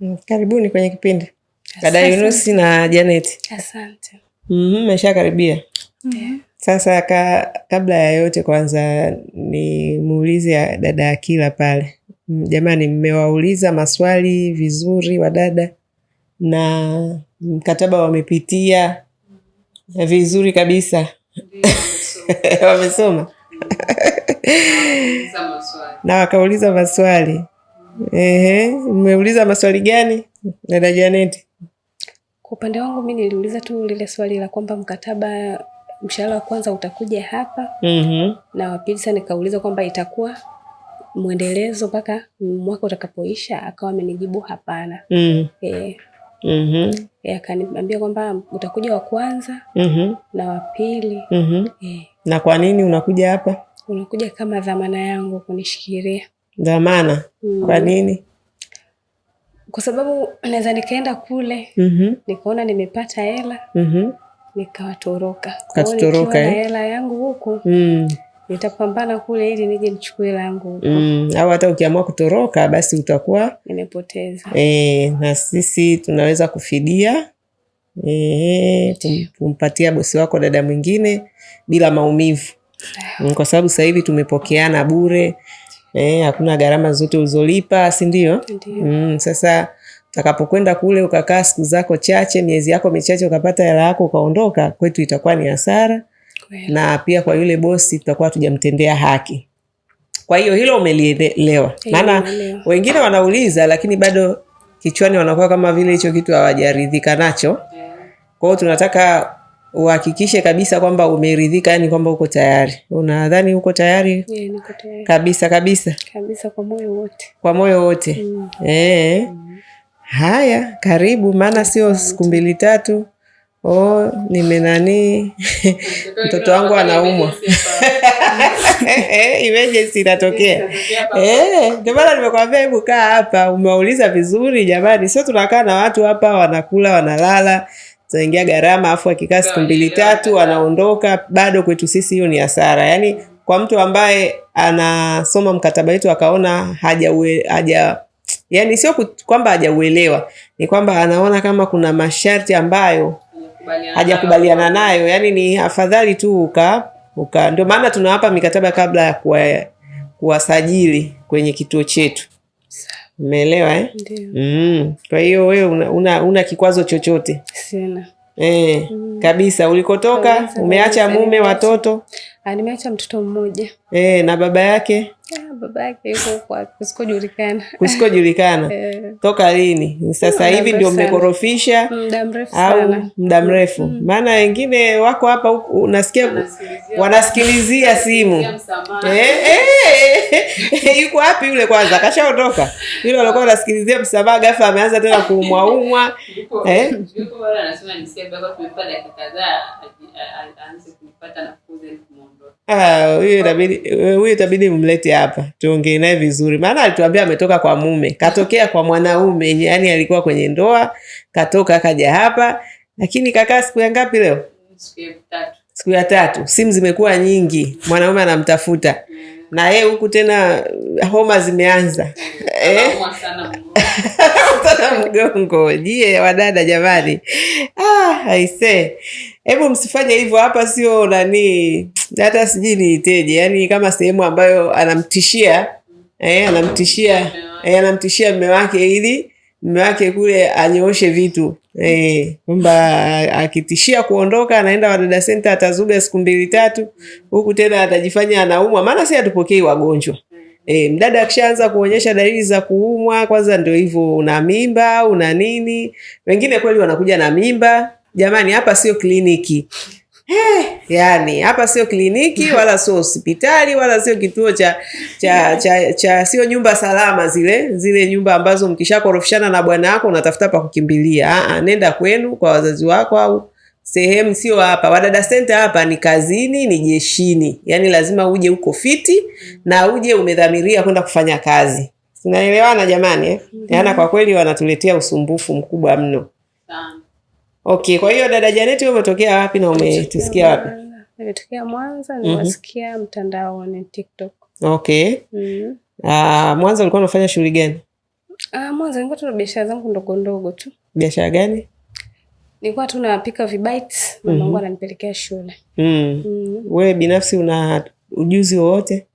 Mm, karibuni kwenye kipindi dada Yunusi na Janet. Asante. Mm -hmm, meshakaribia mm -hmm. Sasa ka, kabla ya yote kwanza ni muulize dada Akila pale, mm, jamani, mmewauliza maswali vizuri wadada na mkataba wamepitia vizuri kabisa wamesoma na wakauliza maswali Ehe, umeuliza maswali gani dada Janet? Kwa upande wangu mi niliuliza tu lile swali la kwamba mkataba mshahara wa kwanza utakuja hapa mm -hmm. na wa pili sasa nikauliza kwamba itakuwa mwendelezo mpaka mwaka utakapoisha, akawa amenijibu hapana. mm. E, mm -hmm. E, akaniambia kwamba utakuja wa kwanza mm -hmm. na wa pili mm -hmm. E, na kwa nini unakuja hapa? Unakuja kama dhamana yangu kunishikiria dhamana mm. Kwa nini? Kwa sababu naweza nikaenda kule mm -hmm. nikaona nimepata hela mm -hmm. nikawatoroka, eh? hela yangu huku mm. nitapambana kule ili nije nichukue hela yangu huku mm. au hata ukiamua kutoroka basi utakuwa nimepoteza e, na sisi tunaweza kufidia e, eh, kumpatia bosi wako dada mwingine bila maumivu, mm, kwa sababu sasa hivi tumepokeana bure eh, hakuna gharama zote uzolipa, si ndio? Mm, sasa utakapokwenda kule ukakaa siku zako chache miezi yako michache ukapata hela yako ukaondoka, kwetu itakuwa ni hasara na pia kwa yule bosi tutakuwa tujamtendea haki. Kwa hiyo hilo umelielewa, maana wengine wanauliza, lakini bado kichwani wanakuwa kama vile hicho kitu hawajaridhika nacho. Kwa hiyo tunataka uhakikishe kabisa kwamba umeridhika, yani kwamba uko tayari. Unadhani uko tayari? Yeah, niko tayari kabisa kabisa kabisa, kwa moyo wote, kwa moyo wote mm. Eh. Mm. Haya, karibu, maana sio siku mbili tatu. Oh, nimenani mtoto wangu anaumwa emergency inatokea. Eh, ndio maana nimekwambia hebu kaa hapa, umeuliza vizuri jamani, sio tunakaa na watu hapa wanakula wanalala zinaingia gharama, afu akikaa siku mbili tatu anaondoka, bado kwetu sisi hiyo ni hasara. yani kwa mtu ambaye anasoma mkataba wetu akaona haja, uwe, haja yani sio kwamba hajauelewa, ni kwamba anaona kama kuna masharti ambayo hajakubaliana nayo, yani ni afadhali tu uka, uka. Ndio maana tunawapa mikataba kabla ya kuwasajili kwenye kituo chetu Umeelewa eh? Mm. Kwa hiyo wewe una, una, una kikwazo chochote? Sina. Eh, mm. Kabisa ulikotoka kabisa, umeacha mume watoto Ah, nimeacha mtoto mmoja e, na baba yake ah, baba yake yuko kusikojulikana kusikojulikana eh. Toka lini? Sasa hivi ndio mmekorofisha muda mrefu au muda mrefu mm. maana Wengine wako hapa unasikia wanasikilizia simu e, e, yuko wapi yule? Kwanza kashaondoka yule, alikuwa anasikilizia msamaha, ghafla ameanza tena kuumwaumwa eh? Ah, huyu itabidi mlete hapa tuongee naye vizuri, maana alituambia ametoka kwa mume, katokea kwa mwanaume, yani alikuwa kwenye ndoa, katoka kaja hapa. Lakini kakaa siku ya ngapi leo? Siku ya tatu. Simu zimekuwa nyingi, mwanaume anamtafuta mm. na ye huku tena homa zimeanza eh? sana mgongo. jie wadada jamani, ah, aisee hebu msifanye hivyo hapa, sio nani, hata sijui niiteje, yani kama sehemu ambayo anamtishia eh, anamtishia eh, anamtishia mme wake ili mme wake kule anyooshe vitu eh, kwamba akitishia kuondoka anaenda Wadada Center atazuga siku mbili tatu, huku tena atajifanya anaumwa, maana si atupokei wagonjwa. E, mdada akishaanza kuonyesha dalili za kuumwa, kwanza ndio hivyo, una mimba una nini. Wengine kweli wanakuja na mimba Jamani, hapa sio kliniki. Hey, eh, yani hapa sio kliniki wala sio hospitali wala sio kituo cha cha, cha, cha sio nyumba salama, zile zile nyumba ambazo mkishakorofishana na bwana wako unatafuta pa kukimbilia. Aa, ah, nenda kwenu kwa wazazi wako au sehemu, sio hapa. Wadada Center hapa ni kazini, ni jeshini, yani lazima uje uko fiti na uje umedhamiria kwenda kufanya kazi. Tunaelewana jamani eh? Mm-hmm. Yana kwa kweli wanatuletea usumbufu mkubwa mno. Okay, kwa hiyo dada Janet wewe umetokea wapi na umetusikia wapi? Nimetokea Mwanza, mhm. nimesikia mtandaoni TikTok. Okay. Mm -hmm. Ah, Mwanza ulikuwa unafanya shughuli gani? Ah, Mwanza nilikuwa tuna biashara zangu ndogo ndogo tu. Biashara gani? Nilikuwa tu napika vibites, mama mamangu mhm. ananipelekea shule. Mm. -hmm. Mm Wewe binafsi una ujuzi wowote?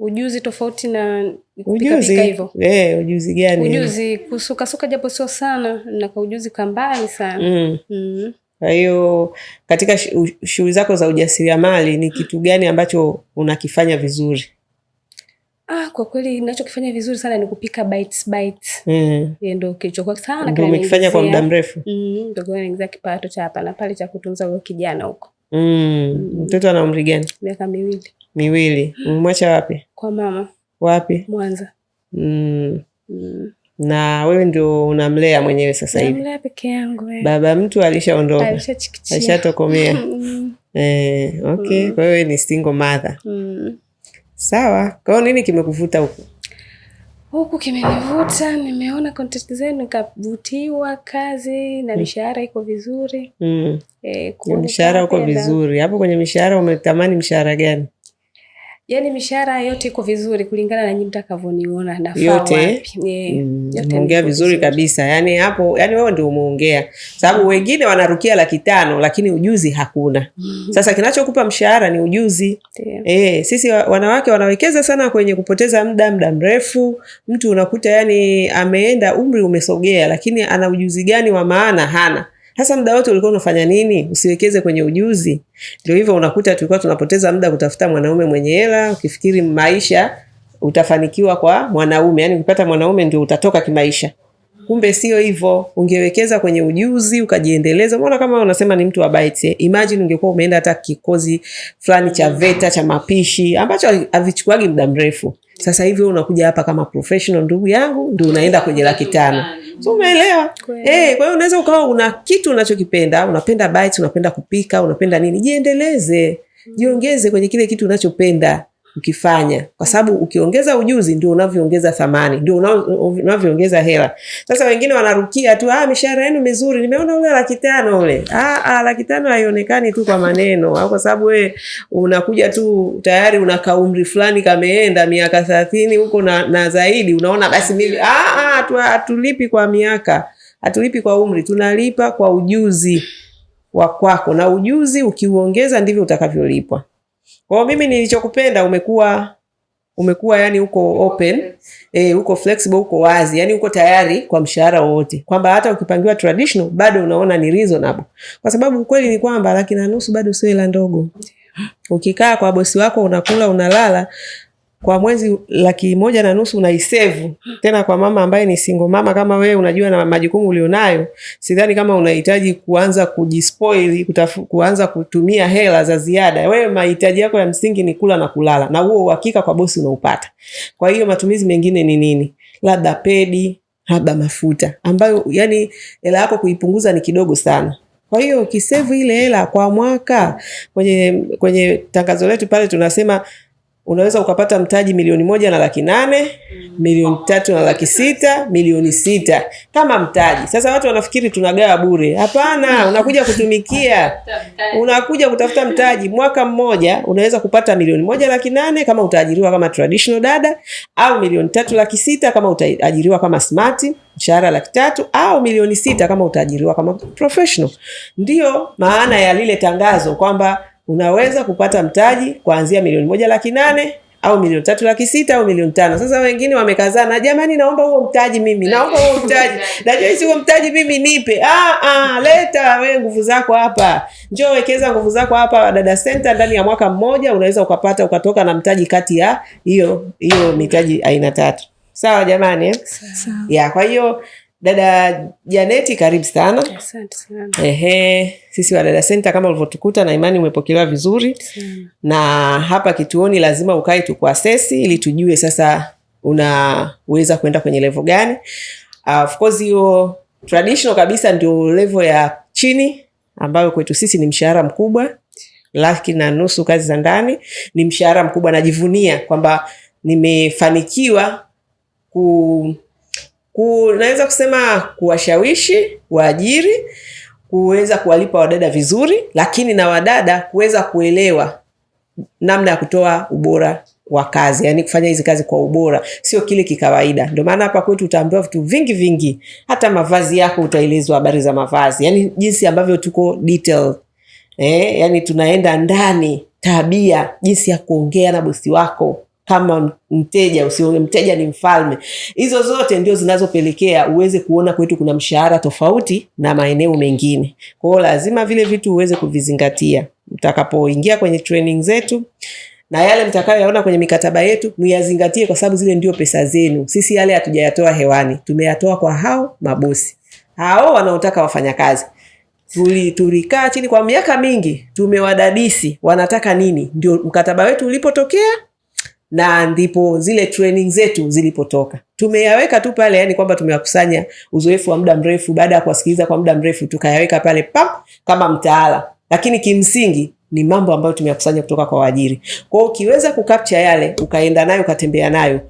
ujuzi tofauti na ujuzi hivyo? Eh, ujuzi gani? Ujuzi kusukasuka japo sio sana na kwa ujuzi kambali sana mm. Mm. Kwa hiyo katika shughuli zako za ujasiriamali ni kitu gani ambacho unakifanya vizuri? Ah, kwa kweli ninachokifanya vizuri sana ni kupika bites bites. Mm. Ndio kilichokuwa sana kama nimekifanya kwa muda mrefu. Mm, ndio kwa naingiza kipato cha hapa na pale cha kutunza huyo kijana huko. Mm. mm. Mtoto mm. ana umri gani? Miaka miwili. Miwili. Umemwacha wapi? Kwa mama. Wapi? Mwanza. Mm. Mm. Na wewe ndio unamlea mwenyewe sasa hivi? Namlea peke yangu. Eh. Baba mtu alishaondoka, alishatokomea. Mm. Eh, okay. Mm. Kwa hiyo ni single mother. Mm. Sawa. Kwa hiyo nini kimekuvuta huku? Huku kimenivuta, nimeona content zenu nikavutiwa, kazi na mm. mishahara iko vizuri. Mm. E, eh, mishahara uko vizuri hapo. Kwenye mishahara umetamani mishahara gani? yani mishahara yote iko vizuri kulingana na nyinyi mtakavyoniona fao yote mm, mmeongea vizuri kabisa. Yani hapo, yani wewe ndio umeongea, sababu wengine wanarukia laki tano lakini ujuzi hakuna. Mm-hmm. Sasa kinachokupa mshahara ni ujuzi Eh, Sisi wanawake wanawekeza sana kwenye kupoteza muda muda mrefu. Mtu unakuta yani ameenda umri umesogea, lakini ana ujuzi gani wa maana? Hana. Sasa muda wote ulikuwa unafanya nini? Usiwekeze kwenye ujuzi. Ndio hivyo, unakuta tulikuwa tunapoteza muda kutafuta mwanaume mwenye hela, ukifikiri maisha utafanikiwa kwa mwanaume, yani ukipata mwanaume ndio utatoka kimaisha kumbe sio hivyo, ungewekeza kwenye ujuzi ukajiendeleza. Umeona, kama unasema ni mtu wa bite, eh? Imagine ungekuwa umeenda hata kikozi fulani cha VETA cha mapishi ambacho havichukuagi muda mrefu. Sasa hivi unakuja hapa kama professional, ndugu yangu, ndio unaenda kwenye laki tano. So, umeelewa eh? Kwa hiyo unaweza ukawa una kitu unachokipenda, unapenda bite, unapenda kupika, unapenda nini, jiendeleze, jiongeze kwenye kile kitu unachopenda ukifanya, kwa sababu ukiongeza ujuzi ndio unavyoongeza thamani, ndio unavyoongeza hela. Sasa wengine wanarukia tu, ah, mishahara yenu mizuri, nimeona ule laki tano ule. Ah, ah, laki tano haionekani tu kwa maneno, au kwa sababu wewe unakuja tu tayari una kaumri fulani kameenda miaka thelathini huko na, na zaidi, unaona basi mimi ah, ah, tu hatulipi kwa miaka, hatulipi kwa umri, tunalipa kwa ujuzi wa kwako, na ujuzi ukiuongeza ndivyo utakavyolipwa. Kwa mimi nilichokupenda umekuwa umekuwa yani uko open, eh, uko flexible, uko wazi, yani uko tayari kwa mshahara wowote, kwamba hata ukipangiwa traditional bado unaona ni reasonable, kwa sababu ukweli ni kwamba laki na nusu bado sio hela ndogo. Ukikaa kwa bosi wako unakula unalala kwa mwezi laki moja na nusu unaisevu. Tena kwa mama ambaye ni single mama kama wewe, unajua na majukumu ulionayo, sidhani kama unahitaji kuanza kujispoil, kuanza kutumia hela za ziada. Wewe mahitaji yako ya msingi ni kula na kulala, na huo uhakika kwa bosi unaupata. Kwa hiyo matumizi mengine ni nini? Labda pedi, labda mafuta, ambayo yani hela yako kuipunguza ni kidogo sana. Kwa hiyo ukisevu ile hela kwa mwaka, kwenye kwenye tangazo letu pale tunasema unaweza ukapata mtaji milioni moja na laki nane milioni tatu na laki sita milioni sita kama mtaji. Sasa watu wanafikiri tunagawa bure. Hapana, unakuja kutumikia, unakuja kutafuta mtaji. Mwaka mmoja unaweza kupata milioni moja laki nane kama utaajiriwa kama traditional dada, au milioni tatu laki sita kama utaajiriwa kama smart, mshahara laki tatu au milioni sita kama utaajiriwa kama professional. Ndiyo maana ya lile tangazo kwamba unaweza kupata mtaji kuanzia milioni moja laki nane au milioni tatu laki sita au milioni tano. Sasa wengine wamekazana, jamani, naomba huo mtaji mimi, naomba huo mtaji, najua si huo mtaji mimi nipe. Ah, ah, leta wewe nguvu zako hapa, njoo wekeza nguvu zako hapa Dada Center. Ndani ya mwaka mmoja unaweza ukapata ukatoka na mtaji kati ya hiyo hiyo mitaji aina tatu. Sawa jamani, eh? Sawa. Ya, kwa hiyo Dada Janeti, karibu sana. Ehe, sisi wa Dada Center kama ulivyotukuta, na imani umepokelewa vizuri Na hapa kituoni lazima ukae tukuasesi ili tujue sasa unaweza kwenda kwenye level gani. Uh, of course hiyo traditional kabisa ndio level ya chini ambayo kwetu sisi ni mshahara mkubwa laki na nusu, kazi za ndani ni mshahara mkubwa. Najivunia kwamba nimefanikiwa ku kunaweza kusema kuwashawishi waajiri kuweza kuwalipa wadada vizuri, lakini na wadada kuweza kuelewa namna ya kutoa ubora wa kazi, yani kufanya hizi kazi kwa ubora, sio kile kikawaida. Ndio maana hapa kwetu utaambiwa vitu vingi vingi, hata mavazi yako utaelezwa habari za mavazi, yani jinsi ambavyo tuko detail eh, yani tunaenda ndani, tabia, jinsi ya kuongea na bosi wako kama mteja, usione mteja ni mfalme. Hizo zote ndio zinazopelekea uweze kuona kwetu kuna mshahara tofauti na maeneo mengine. Kwa hiyo lazima vile vitu uweze kuvizingatia mtakapoingia kwenye training zetu na yale mtakayoyaona kwenye mikataba yetu muyazingatie, kwa sababu zile ndio pesa zenu. Sisi yale hatujayatoa hewani, tumeyatoa kwa hao mabosi, hao wanaotaka wafanyakazi. Tulikaa chini kwa miaka mingi, tumewadadisi wanataka nini, ndio mkataba wetu ulipotokea na ndipo zile training zetu zilipotoka. Tumeyaweka tu pale, yani kwamba tumewakusanya uzoefu wa muda mrefu, baada ya kuwasikiliza kwa muda mrefu, tukayaweka pale pap kama mtaala, lakini kimsingi ni mambo ambayo tumeyakusanya kutoka kwa waajiri. Kwa hiyo ukiweza kukapcha yale ukaenda nayo ukatembea nayo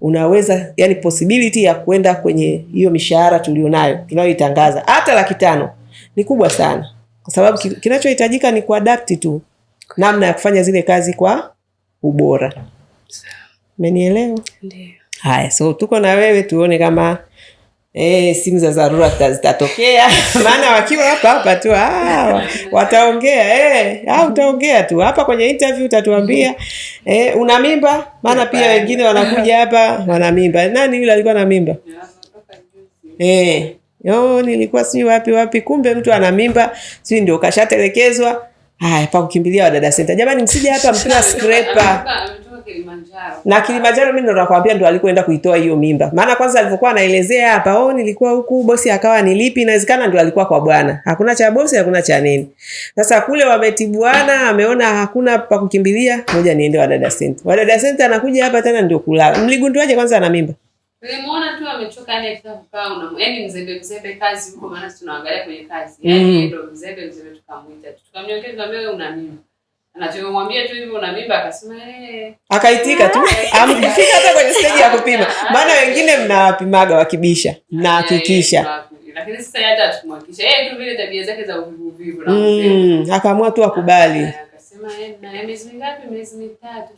unaweza yani, posibiliti ya kwenda kwenye hiyo mishahara tulionayo tunayoitangaza hata laki tano ni kubwa sana, kwa sababu kinachohitajika ni kuadapti tu namna ya kufanya zile kazi kwa ubora. Umenielewa? Ndiyo. Haya, so tuko na wewe tuone kama E, simu za dharura zitatokea maana wakiwa hapa hapa tu ah, wataongea e, utaongea tu hapa kwenye interview utatuambia e, una mimba. Maana pia wengine wanakuja hapa wana mimba. Nani yule alikuwa na mimba e, yo, nilikuwa sijui wapi wapi, kumbe mtu ana mimba si ndio kashatelekezwa. Haya, pa kukimbilia Wadada Center. Jamani, msije hapa mpira scraper Kilimanjaro. Na Kilimanjaro mimi ndo nakwambia ndo alikwenda kuitoa hiyo mimba. Maana kwanza alivyokuwa anaelezea hapa, oh, nilikuwa huku bosi akawa nilipi, inawezekana ndo alikuwa kwa bwana. Hakuna cha bosi, hakuna cha nini. Sasa kule wametibuana, ameona hakuna pa kukimbilia, ngoja niende Wadada Center. Wadada Center anakuja hapa tena ndio kulala. Mligunduaje kwanza ana mimba? Nilimuona tu amechoka ile akitaka kukaa una yani mzembe mzembe kazi huko maana tunaangalia kwenye kazi. Mm. Yaani ndio mzembe mzembe tukamuita. Tukamnyongeza, tukamwambia una mimba na tumemwambia tu hivyo mimba, akasema eh. akaitika tu amfika hata kwenye steji ya kupima, maana wengine mnawapimaga wakibisha, mnahakikisha lakini sasa hata yeye tu vile tabia zake za uvivu mm, akaamua tu akubali miezi mingapi? Miezi mitatu.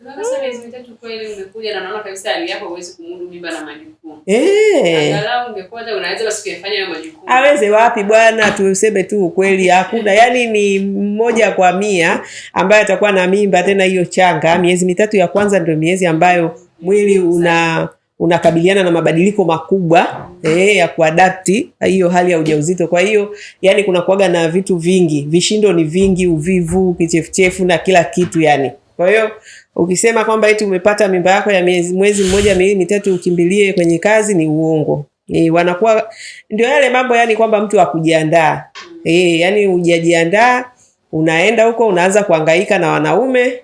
miezi mitatu kweli umekuja na kabisa hali yako huwezi kumudu mimba na majukumu. Eh. Angalau ungekuwa unaweza basi kuyafanya hayo majukumu. Aweze wapi bwana, tuseme tu ukweli hakuna. Yaani ni mmoja kwa mia ambaye atakuwa na mimba tena hiyo changa. Miezi mitatu ya kwanza ndio miezi ambayo mwili una unakabiliana na mabadiliko makubwa eh, ya kuadapti ah, hiyo hali ya ujauzito. Kwa hiyo yani kuna kuaga na vitu vingi, vishindo ni vingi, uvivu, kichefuchefu na kila kitu yani. Kwa hiyo ukisema kwamba eti umepata mimba yako ya miezi, mwezi mmoja miwili mitatu ukimbilie kwenye kazi ni uongo. E, wanakuwa ndio yale mambo yani kwamba mtu akujiandaa. Eh, yani hujajiandaa unaenda huko unaanza kuangaika na wanaume,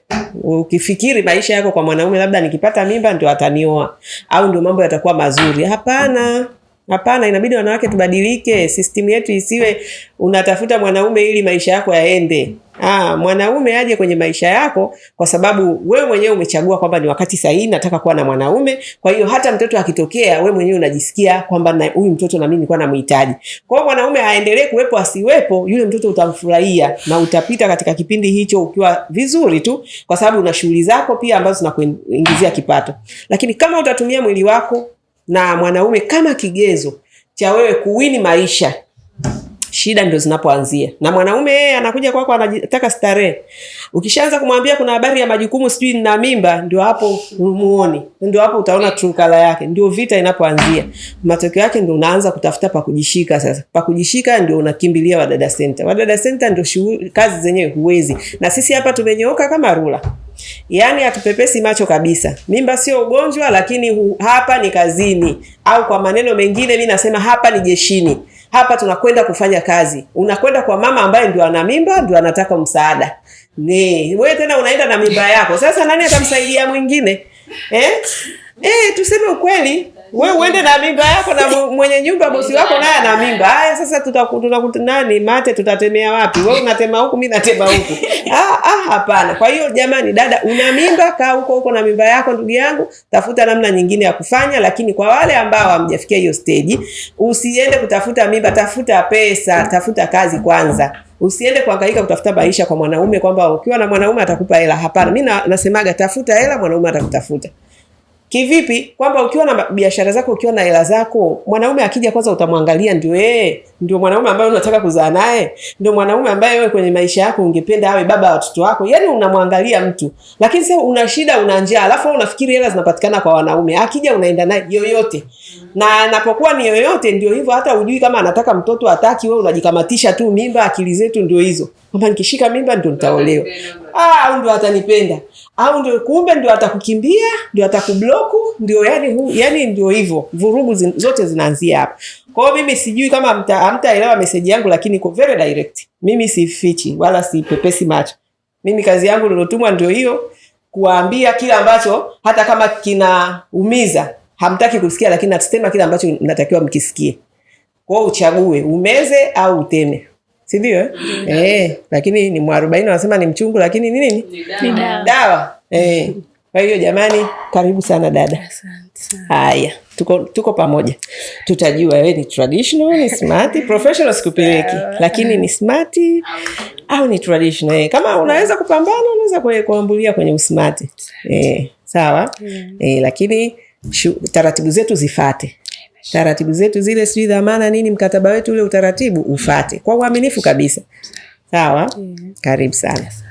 ukifikiri maisha yako kwa mwanaume, labda nikipata mimba ndio atanioa au ndio mambo yatakuwa mazuri. Hapana. Hapana, inabidi wanawake tubadilike, system yetu isiwe unatafuta mwanaume ili maisha yako yaende. Ah, mwanaume aje kwenye maisha yako kwa sababu wewe mwenyewe umechagua kwamba ni wakati sahihi nataka kuwa na mwanaume. Kwa hiyo hata mtoto akitokea, wewe mwenyewe unajisikia kwamba huyu mtoto na mimi nilikuwa namhitaji. Kwa hiyo mwanaume aendelee kuwepo asiwepo, yule mtoto utamfurahia na utapita katika kipindi hicho ukiwa vizuri tu, kwa sababu una shughuli zako pia ambazo zinakuingizia kipato. Lakini kama utatumia mwili wako na mwanaume kama kigezo cha wewe kuwini maisha shida ndio zinapoanzia, na mwanaume yeye anakuja kwako kwa anataka starehe. Ukishaanza kumwambia kuna habari ya majukumu, sijui nina mimba, ndio hapo umuoni, ndio hapo utaona trukala yake, ndio vita inapoanzia. Matokeo yake ndio unaanza kutafuta pa kujishika. Sasa pa kujishika ndio unakimbilia Wadada Center. Wadada Center ndio kazi zenyewe huwezi, na sisi hapa tumenyooka kama rula Yaani hatupepesi macho kabisa. Mimba sio ugonjwa, lakini hu, hapa ni kazini, au kwa maneno mengine mi nasema hapa ni jeshini hapa tunakwenda kufanya kazi, unakwenda kwa mama ambaye ndio ana mimba, ndio anataka msaada. Ni wewe tena unaenda na mimba yako, sasa nani atamsaidia mwingine eh? Eh, tuseme ukweli wewe uende na mimba yako na mwenye nyumba bosi wako naye ana mimba. Haya sasa tutakutunani mate tutatemea wapi? Wewe unatema huku, mimi natema huku. Ah, ah, hapana. Kwa hiyo jamani, dada una mimba, kaa huko huko na mimba yako ndugu yangu, tafuta namna nyingine ya kufanya, lakini kwa wale ambao hamjafikia hiyo stage, usiende kutafuta mimba, tafuta pesa, tafuta kazi kwanza. Usiende kuhangaika kutafuta maisha kwa mwanaume kwamba ukiwa na mwanaume atakupa hela. Hapana, mimi nasemaga tafuta hela, mwanaume atakutafuta. Kivipi? Kwamba ukiwa na biashara zako, ukiwa na hela zako, mwanaume akija kwanza utamwangalia ndio, yeye ndio mwanaume ambaye unataka kuzaa naye, ndio mwanaume ambaye wewe kwenye maisha yako ungependa awe baba wa watoto wako. Yani unamwangalia mtu, lakini sasa una shida, una njaa, alafu unafikiri hela zinapatikana kwa wanaume. Akija unaenda naye yoyote, na anapokuwa ni yoyote, ndio hivyo, hata ujui kama anataka mtoto ataki, wewe unajikamatisha tu mimba. Akili zetu ndio hizo, kwamba nikishika mimba ndio nitaolewa, ah, au ndio atanipenda, au ndio kumbe ndio atakukimbia, ndio atakubloku, ndio yani, yani ndio hivyo, vurugu zin, zote zinaanzia hapa. Kwa hiyo mimi sijui kama mta hamtaelewa meseji yangu, lakini iko very direct. Mimi sifichi wala sipepesi macho. Mimi kazi yangu nilotumwa ndio hiyo, kuwaambia kile ambacho hata kama kinaumiza hamtaki kusikia, lakini nasema kile ambacho natakiwa mkisikie. Kwa uchague, umeze au uteme, si ndio eh? Eh, lakini ni mwarobaini wanasema ni mchungu, lakini ni nini? Ni dawa eh. Kwa hiyo jamani, karibu sana dada. Haya, tuko, tuko pamoja, tutajua wewe ni traditional, ni smart, professional sikupeleki, lakini ni smart au ni traditional. Kama unaweza kupambana, unaweza kuambulia kwenye usmart eh, sawa eh, lakini shu, taratibu zetu zifate taratibu zetu zile, sijui dhamana nini, mkataba wetu ule utaratibu ufate kwa uaminifu kabisa. Sawa, karibu sana.